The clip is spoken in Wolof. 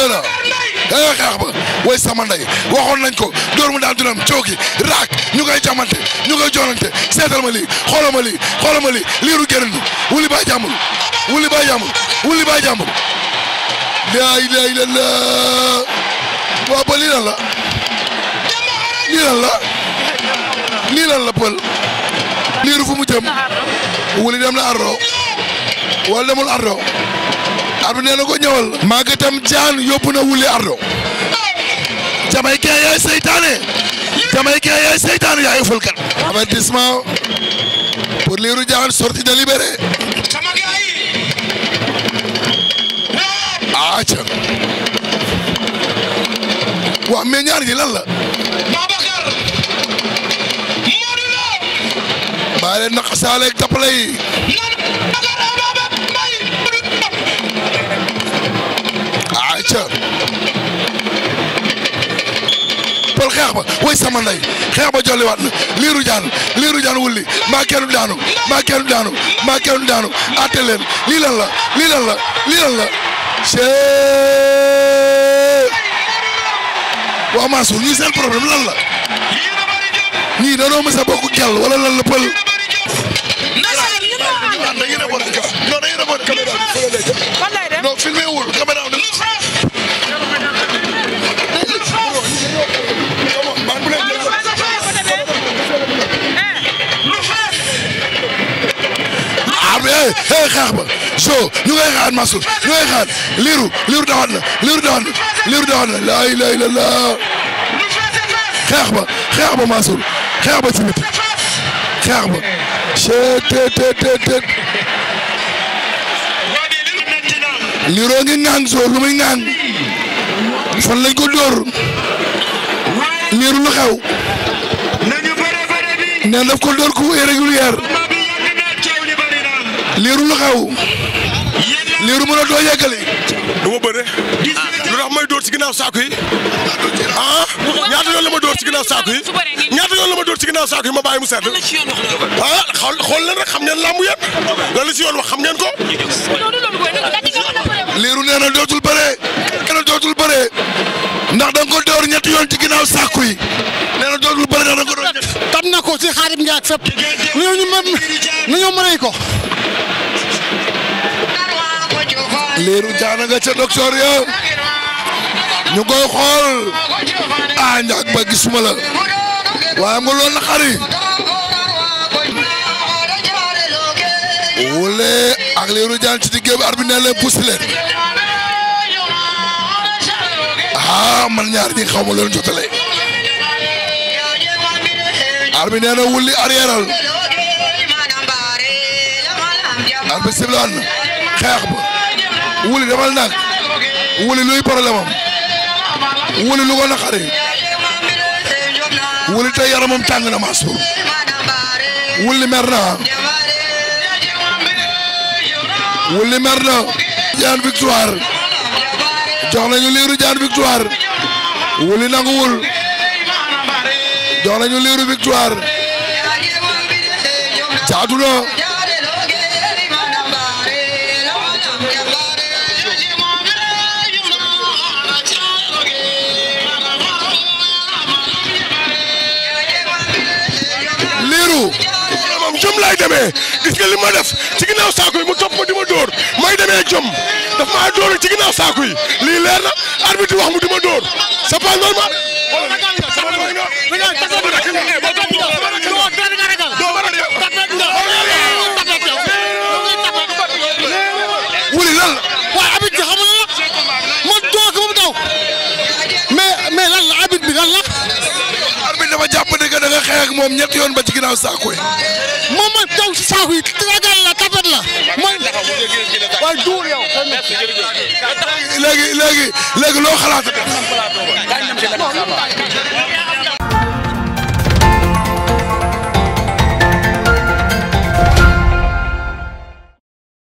nee na eh xeex ba way sama ndey waxoon nañ ko dóor mu daan dina am cooki raak ñu koy jamante ñu koy joonante seetal ma lii xoolal ma lii xoolal ma lii liiru gërëm ñu wuli baa jàmbur wuli baa jàmbur wuli baa jàmbur. laa ilaaha illallaah waa ba lii lan la lii lan la lii lan la pël liiru fu mu jëm wuli dem na ardo wala demul ardo ardo nee na ko ñëwal maa ngi tam jaan yóbbu na wuli ardo jamaïcain yaay seytaane jamaïcain yaay seytaane yaay fulkat avertissement pour Lirou Diane sortie délibérée aca ah, waaw mais ñaar ñi lan la baa leen naqasaale ak tapale xeex ba way sama ndey xeex ba jolli waat na liiru jaan liiru jaan wulli maa kenn daanu maa kenn daanu maa kenn lan la lii lan la lii lan la waa Mansour ñii seen lan la ñii danoo mës a bokk lan la pël xeex ba so ñu ngay xaar Mansour ñu ngay xaar liiru liiru dawaat na liiru dawaat na laa ilaaha illallaah xeex ba xeex ba Mansour xeex ba ci xeex ba cee te te te te ngi ŋang so lu muy ŋang fan lañ ko dóor liiru lu xew nee daf ko dóor ku irrégulière liiru lu liiru mën a doo yeggali. du ma bëre. lu tax may dóor ci ginnaaw saako yi. ah ñaata yoon la ma dóor ci ginnaaw saako yi. ñaata la ma dóor ci ginnaaw saako yi mu sedd. ah xool xool leen rek xam ngeen làmb yéen. lan la si yoon wax xam ngeen ko. liiru nee na dootul bëree. nee na dootul bëree. ndax da nga ko dóor ñetti yoon ci ginnaaw saako na dootul bëree ndax da nga ko dóor ñetti. na ko ci xaarib njaag fépp. ñu ñu ko. Lirou Diane nga ca docteur ya ñu koy xool a njàg ba gisuma waaye am nga loolu na xari wule ak Lirou Diane ci diggé bi arbitre ne leen pousse man ñaar ñi xaw ma loolu jotale arbitre nee na wuli arrièreal arbitre xeex ba wuli demal nag wuli luy problème am wuli lu ko naqari tàng na Mansour wuli mer na wuli jaan victoire jox nañu liiru jaan victoire wuli nanguwul jox nañu liiru victoire jaadu na jom laay demee gis nga li ma def ci ginnaaw saako yi mu topp ma di ma dóor may demee jom daf maa dóor ci ginnaaw saako yi lii leer na arbitre wax mu ma dóor c'est pas normal. wuli lan la. waaw arbitre bi xamul la ma dóor ko ba mu daw mais la arbitre bi lan la. arbitre dafa jàpp ne taxaw yi ragal la tabat la mooy waaye duur yow léegi léegi léegi loo xalaat